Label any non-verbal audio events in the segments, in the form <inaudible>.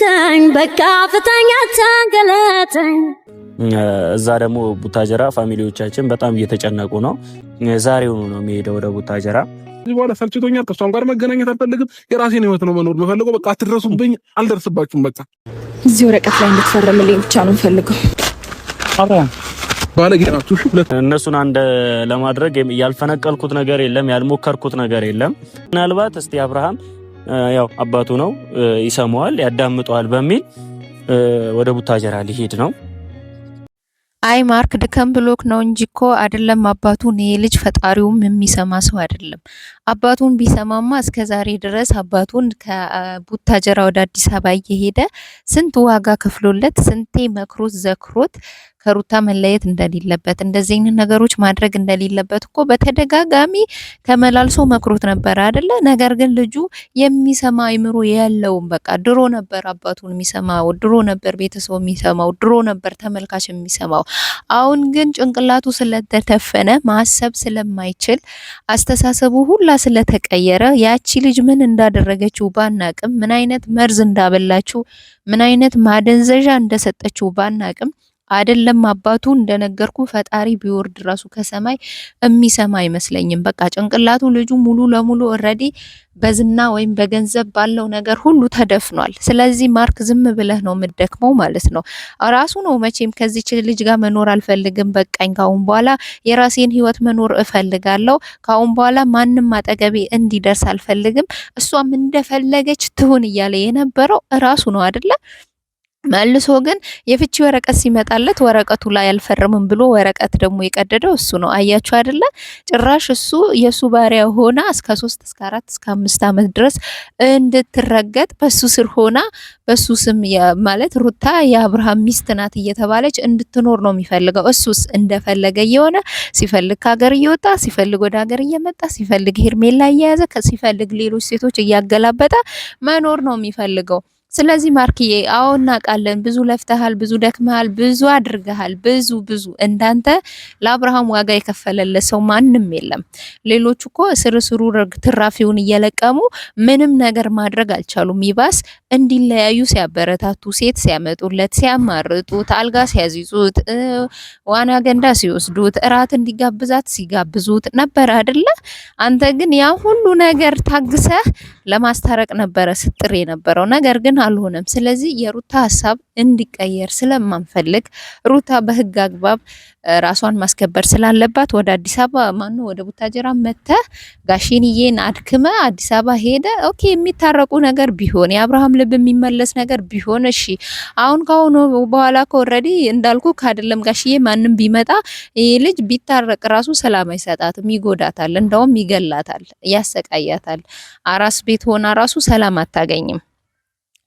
ፍተኝ፣ በቃ ፍተኝ፣ አታንገላተኝ። እዛ ደግሞ ቡታጀራ ፋሚሊዎቻችን በጣም እየተጨነቁ ነው። ዛሬውኑ ነው የሚሄደው ወደ ቡታጀራ። ከዚህ በኋላ ሰልችቶኛል። ከእሷም ጋር መገናኘት አልፈልግም። የራሴን ህይወት ነው መኖር የምፈልገው። በቃ አትድረሱብኝ፣ አልደርስባችሁም። በቃ እዚህ ወረቀት ላይ እንድትፈረምልኝ ብቻ ነው የምፈልገው። ባለጌ እነሱን አንድ ለማድረግ ያልፈነቀልኩት ነገር የለም፣ ያልሞከርኩት ነገር የለም። ምናልባት እስቲ አብርሃም ያው አባቱ ነው ይሰማዋል፣ ያዳምጠዋል በሚል ወደ ቡታጀራ ሊሄድ ነው። አይ ማርክ ድከም ብሎክ ነው እንጂ እኮ አይደለም አባቱን። ይሄ ልጅ ፈጣሪውም የሚሰማ ሰው አይደለም። አባቱን ቢሰማማ እስከ ዛሬ ድረስ አባቱን ከቡታጀራ ወደ አዲስ አበባ እየሄደ ስንት ዋጋ ከፍሎለት ስንቴ መክሮት ዘክሮት ከሩታ መለየት እንደሌለበት እንደዚህ አይነት ነገሮች ማድረግ እንደሌለበት እኮ በተደጋጋሚ ተመላልሶ መክሮት ነበረ አይደለ? ነገር ግን ልጁ የሚሰማ አይምሮ ያለውም በቃ ድሮ ነበር አባቱን የሚሰማው፣ ድሮ ነበር ቤተሰቡ የሚሰማው፣ ድሮ ነበር ተመልካች የሚሰማው። አሁን ግን ጭንቅላቱ ስለተተፈነ ማሰብ ስለማይችል አስተሳሰቡ ሁላ ስለተቀየረ ያቺ ልጅ ምን እንዳደረገችው ባናቅም ምን አይነት መርዝ እንዳበላችው ምን አይነት ማደንዘዣ እንደሰጠችው ባናቅም አይደለም አባቱ እንደነገርኩ ፈጣሪ ቢወርድ ራሱ ከሰማይ የሚሰማ አይመስለኝም። በቃ ጭንቅላቱ ልጁ ሙሉ ለሙሉ ኦልሬዲ በዝና ወይም በገንዘብ ባለው ነገር ሁሉ ተደፍኗል። ስለዚህ ማርክ ዝም ብለህ ነው የምደክመው ማለት ነው። ራሱ ነው መቼም ከዚች ልጅ ጋር መኖር አልፈልግም፣ በቃኝ፣ ካሁን በኋላ የራሴን ህይወት መኖር እፈልጋለሁ፣ ካሁን በኋላ ማንም አጠገቤ እንዲደርስ አልፈልግም፣ እሷም እንደፈለገች ትሁን እያለ የነበረው ራሱ ነው አይደለ? መልሶ ግን የፍቺ ወረቀት ሲመጣለት ወረቀቱ ላይ አልፈረምም ብሎ ወረቀት ደግሞ የቀደደው እሱ ነው። አያችሁ አይደለ? ጭራሽ እሱ የሱ ባሪያ ሆና እስከ ሶስት እስከ አራት እስከ አምስት ዓመት ድረስ እንድትረገጥ በሱ ስር ሆና በሱ ስም ማለት ሩታ የአብርሃም ሚስት ናት እየተባለች እንድትኖር ነው የሚፈልገው። እሱስ እንደፈለገ እየሆነ ሲፈልግ ከሀገር እየወጣ ሲፈልግ ወደ ሀገር እየመጣ ሲፈልግ ሄርሜላ እየያዘ ሲፈልግ ሌሎች ሴቶች እያገላበጠ መኖር ነው የሚፈልገው። ስለዚህ ማርክዬ አዎ እናውቃለን፣ ብዙ ለፍተሃል፣ ብዙ ደክመሃል፣ ብዙ አድርገሃል። ብዙ ብዙ እንዳንተ ለአብርሃም ዋጋ የከፈለለት ሰው ማንም የለም። ሌሎቹ እኮ ስርስሩ ትራፊውን እየለቀሙ ምንም ነገር ማድረግ አልቻሉም። ይባስ እንዲለያዩ ሲያበረታቱ፣ ሴት ሲያመጡለት፣ ሲያማርጡት፣ አልጋ ሲያዚዙት፣ ዋና ገንዳ ሲወስዱት፣ እራት እንዲጋብዛት ሲጋብዙት ነበር አይደለ? አንተ ግን ያ ሁሉ ነገር ታግሰህ ለማስታረቅ ነበረ ስትጥር የነበረው ነገር ግን አልሆነም። ስለዚህ የሩታ ሀሳብ እንዲቀየር ስለማንፈልግ ሩታ በህግ አግባብ ራሷን ማስከበር ስላለባት ወደ አዲስ አበባ ማኑ ወደ ቡታጀራ መተ ጋሽንዬን አድክመ አዲስ አበባ ሄደ። ኦኬ የሚታረቁ ነገር ቢሆን የአብርሃም ልብ የሚመለስ ነገር ቢሆን እሺ። አሁን ካሁኑ በኋላ ከወረዲ እንዳልኩ ካደለም ጋሽዬ ማንም ቢመጣ ይህ ልጅ ቢታረቅ ራሱ ሰላም አይሰጣትም፣ ይጎዳታል፣ እንደውም ይገላታል፣ ያሰቃያታል። አራስ ቤት ሆና ራሱ ሰላም አታገኝም።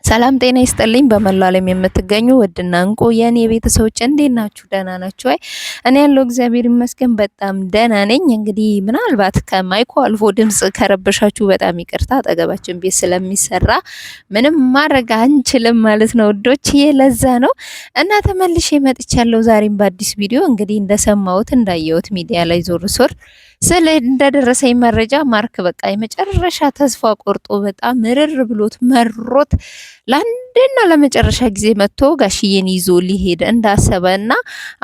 ሰላም ጤና ይስጥልኝ። በመላው ዓለም የምትገኙ ውድና እንቁ የኔ ቤተሰቦች እንዴት ናችሁ? ደህና ናችሁ? አይ እኔ ያለው እግዚአብሔር ይመስገን በጣም ደህና ነኝ። እንግዲህ ምናልባት ከማይኮ አልፎ ድምጽ ከረበሻችሁ በጣም ይቅርታ፣ አጠገባችን ቤት ስለሚሰራ ምንም ማድረግ አንችልም ማለት ነው ውዶች። የለዛ ነው እና ተመልሼ መጥቻለሁ ዛሬም በአዲስ ቪዲዮ። እንግዲህ እንደሰማሁት እንዳየሁት ሚዲያ ላይ ዞር ዞር ስለ እንደደረሰኝ መረጃ ማርክ በቃ የመጨረሻ ተስፋ ቆርጦ በጣም ምርር ብሎት መሮት ለአንዴና ለመጨረሻ ጊዜ መጥቶ ጋሽዬን ይዞ ሊሄድ እንዳሰበ እና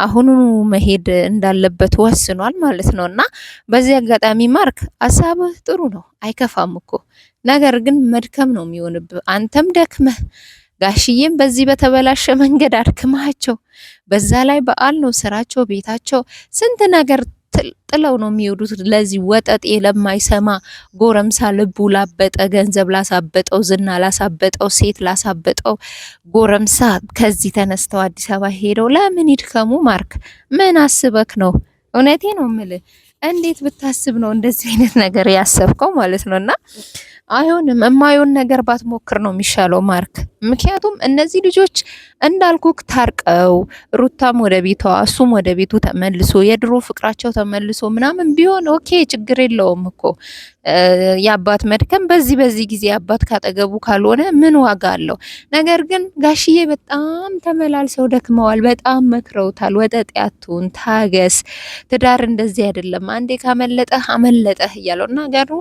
አሁኑ መሄድ እንዳለበት ወስኗል ማለት ነው። እና በዚህ አጋጣሚ ማርክ አሳብ ጥሩ ነው፣ አይከፋም እኮ ነገር ግን መድከም ነው የሚሆንብህ። አንተም ደክመህ ጋሽዬም በዚህ በተበላሸ መንገድ አድክማቸው፣ በዛ ላይ በዓል ነው ስራቸው፣ ቤታቸው፣ ስንት ነገር ጥለው ነው የሚሄዱት። ለዚህ ወጠጤ ለማይሰማ ጎረምሳ ልቡ ላበጠ ገንዘብ ላሳበጠው ዝና ላሳበጠው ሴት ላሳበጠው ጎረምሳ ከዚህ ተነስተው አዲስ አበባ ሄደው ለምን ይድከሙ? ማርክ ምን አስበክ ነው? እውነቴ ነው ምል እንዴት ብታስብ ነው እንደዚህ አይነት ነገር ያሰብከው ማለት ነው? እና አይሆንም፣ ነገር ባትሞክር ነው የሚሻለው ማርክ። ምክንያቱም እነዚህ ልጆች እንዳልኩክ ታርቀው ሩታም ወደ ቤቷ እሱም ወደ ቤቱ ተመልሶ የድሮ ፍቅራቸው ተመልሶ ምናምን ቢሆን ኦኬ፣ ችግር የለውም እኮ የአባት መድከም በዚህ በዚህ ጊዜ አባት ካጠገቡ ካልሆነ ምን ዋጋ አለው? ነገር ግን ጋሽዬ በጣም ተመላልሰው ደክመዋል። በጣም መክረውታል። ወጠጤ አትሁን፣ ታገስ፣ ትዳር እንደዚህ አይደለም፣ አንዴ ካመለጠህ አመለጠህ እያለው እና ገሩ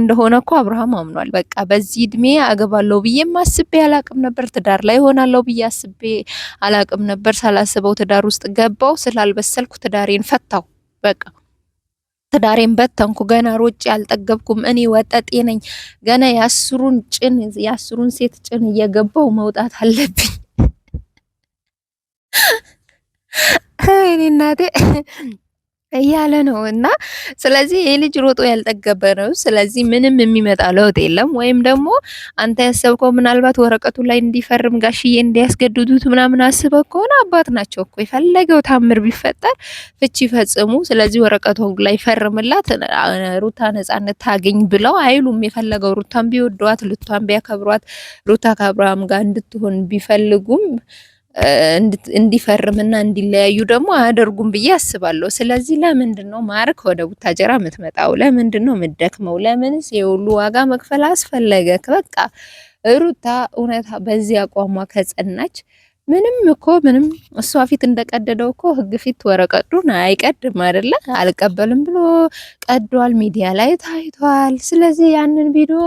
እንደሆነ እኮ አብርሃም አምኗል። በቃ በዚህ እድሜ አገባለሁ ብዬም አስቤ አላቅም ነበር። ትዳር ላይ ሆናለሁ ብዬ አስቤ አላቅም ነበር። ሳላስበው ትዳር ውስጥ ገባው። ስላልበሰልኩ ትዳሬን ፈታው። በቃ ትዳሬን በተንኩ፣ ገና ሮጭ አልጠገብኩም፣ እኔ ወጠጤ ነኝ፣ ገና የአስሩን ጭን የአስሩን ሴት ጭን እየገባው መውጣት አለብኝ። እኔ እናቴ እያለ ነው እና ስለዚህ ይህ ልጅ ሮጦ ያልጠገበ ነው። ስለዚህ ምንም የሚመጣ ለውጥ የለም። ወይም ደግሞ አንተ ያሰብከው ምናልባት ወረቀቱ ላይ እንዲፈርም ጋሽዬ እንዲያስገድዱት ምናምን አስበው ከሆነ አባት ናቸው እኮ የፈለገው ታምር ቢፈጠር ፍቺ ፈጽሙ፣ ስለዚህ ወረቀቱ ላይ ፈርምላት ሩታ ነጻነት ታገኝ ብለው አይሉም። የፈለገው ሩታን ቢወዷት፣ ልቷን ቢያከብሯት፣ ሩታ ከአብርሃም ጋር እንድትሆን ቢፈልጉም እንዲፈርምና እንዲለያዩ ደግሞ አያደርጉም ብዬ አስባለሁ። ስለዚህ ለምንድን ነው ማርክ ወደ ቡታጀራ የምትመጣው? ለምንድን ነው የምትደክመው? ለምንስ የሁሉ ዋጋ መክፈል አስፈለገ? በቃ ሩታ እውነታ በዚህ አቋሟ ከጸናች ምንም እኮ ምንም እሷ ፊት እንደቀደደው እኮ ህግ ፊት ወረቀቱን አይቀድም አይደለ? አልቀበልም ብሎ ቀዷል፣ ሚዲያ ላይ ታይቷል። ስለዚህ ያንን ቪዲዮ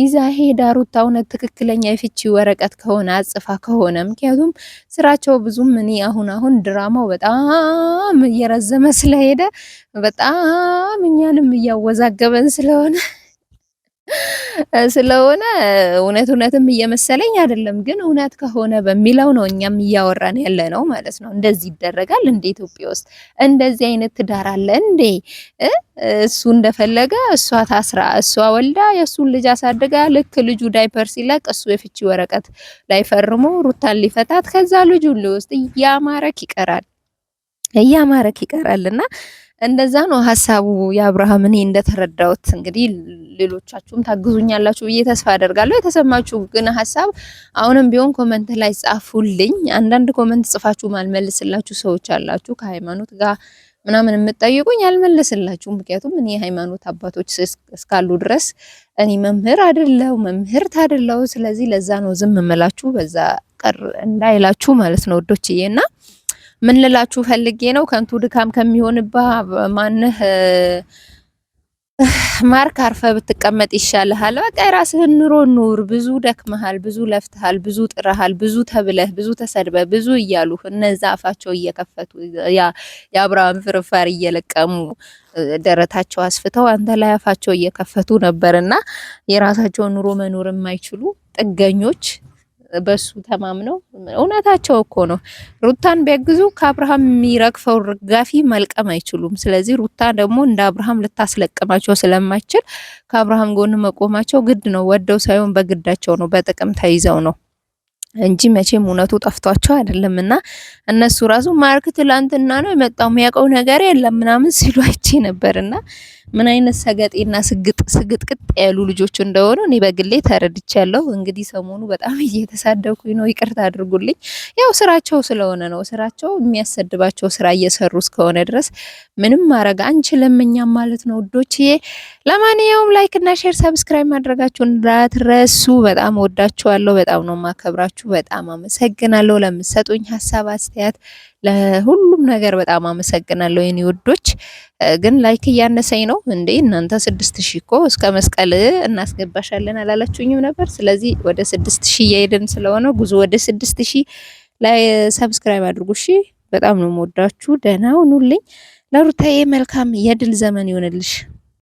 ይዛ ሄዳ ሩታ እውነት ትክክለኛ የፍቺ ወረቀት ከሆነ አጽፋ ከሆነ ምክንያቱም ስራቸው ብዙም እኔ አሁን አሁን ድራማው በጣም እየረዘመ ስለሄደ በጣም እኛንም እያወዛገበን ስለሆነ ስለሆነ እውነት እውነትም እየመሰለኝ አይደለም፣ ግን እውነት ከሆነ በሚለው ነው እኛም እያወራን ያለ ነው ማለት ነው። እንደዚህ ይደረጋል እንደ ኢትዮጵያ ውስጥ እንደዚህ አይነት ትዳር አለ እንዴ? እሱ እንደፈለገ እሷ ታስራ እሷ ወልዳ የእሱን ልጅ አሳድጋ ልክ ልጁ ዳይፐር ሲለቅ እሱ የፍቺ ወረቀት ላይ ፈርሞ ሩታን ሊፈታት ከዛ ልጁን ሊወስድ እያማረክ ይቀራል እያማረክ እና እንደዛ ነው ሀሳቡ የአብርሃም። እኔ እንደተረዳሁት እንግዲህ ሌሎቻችሁም ታግዙኛላችሁ ብዬ ተስፋ አደርጋለሁ። የተሰማችሁ ግን ሀሳብ አሁንም ቢሆን ኮመንት ላይ ጻፉልኝ። አንዳንድ ኮመንት ጽፋችሁ ማልመልስላችሁ ሰዎች አላችሁ ከሃይማኖት ጋር ምናምን የምጠይቁኝ አልመለስላችሁ። ምክንያቱም እኔ የሃይማኖት አባቶች እስካሉ ድረስ እኔ መምህር አይደለሁ መምህርት አይደለሁ። ስለዚህ ለዛ ነው ዝም እምላችሁ፣ በዛ ቀር እንዳይላችሁ ማለት ነው ወዶችዬ እና ምን ልላችሁ ፈልጌ ነው፣ ከንቱ ድካም ከሚሆንባ ማንህ ማርክ አርፈ ብትቀመጥ ይሻልሃል። በቃ የራስህን ኑሮ ኑር። ብዙ ደክመሃል፣ ብዙ ለፍትሃል፣ ብዙ ጥረሃል፣ ብዙ ተብለህ፣ ብዙ ተሰድበ፣ ብዙ እያሉ እነዛ አፋቸው እየከፈቱ የአብርሃም ፍርፋሪ እየለቀሙ ደረታቸው አስፍተው አንተ ላይ አፋቸው እየከፈቱ ነበርና የራሳቸውን ኑሮ መኖር የማይችሉ ጥገኞች በሱ ተማምነው እውነታቸው እኮ ነው። ሩታን ቢያግዙ ከአብርሃም የሚረግፈው ርጋፊ መልቀም አይችሉም። ስለዚህ ሩታ ደግሞ እንደ አብርሃም ልታስለቅማቸው ስለማይችል ከአብርሃም ጎን መቆማቸው ግድ ነው። ወደው ሳይሆን በግዳቸው ነው፣ በጥቅም ተይዘው ነው። እንጂ መቼም እውነቱ ጠፍቷቸው አይደለም። እና እነሱ ራሱ ማርክ ትላንትና ነው የመጣው የሚያውቀው ነገር የለም ምናምን ሲሉ አይቼ ነበር። እና ምን አይነት ሰገጤና ስግጥ ስግጥቅጥ ያሉ ልጆች እንደሆኑ እኔ በግሌ ተረድቻለሁ። እንግዲህ ሰሞኑ በጣም <laughs> እየተሳደብኩኝ ነው፣ ይቅርታ አድርጉልኝ። ያው ስራቸው ስለሆነ ነው። ስራቸው የሚያሰድባቸው ስራ እየሰሩ እስከሆነ ድረስ ምንም ማድረግ አንችልም እኛም ማለት ነው ውዶችዬ። ለማንኛውም ላይክ እና ሼር፣ ሰብስክራይብ ማድረጋችሁ እንዳትረሱ። በጣም ወዳችኋለሁ። በጣም ነው ማከብራችሁ። ስለሆናችሁ በጣም አመሰግናለሁ። ለምትሰጡኝ ሀሳብ አስተያየት፣ ለሁሉም ነገር በጣም አመሰግናለሁ የኔ ውዶች። ግን ላይክ እያነሰኝ ነው እንዴ እናንተ ስድስት ሺህ እኮ እስከ መስቀል እናስገባሻለን አላላችሁኝም ነበር? ስለዚህ ወደ ስድስት ሺህ እያሄድን ስለሆነ ጉዞ ወደ ስድስት ሺህ ላይ ሰብስክራይብ አድርጉ እሺ። በጣም ነው የምወዳችሁ። ደህና ሁኑልኝ። ለሩታዬ መልካም የድል ዘመን ይሆንልሽ።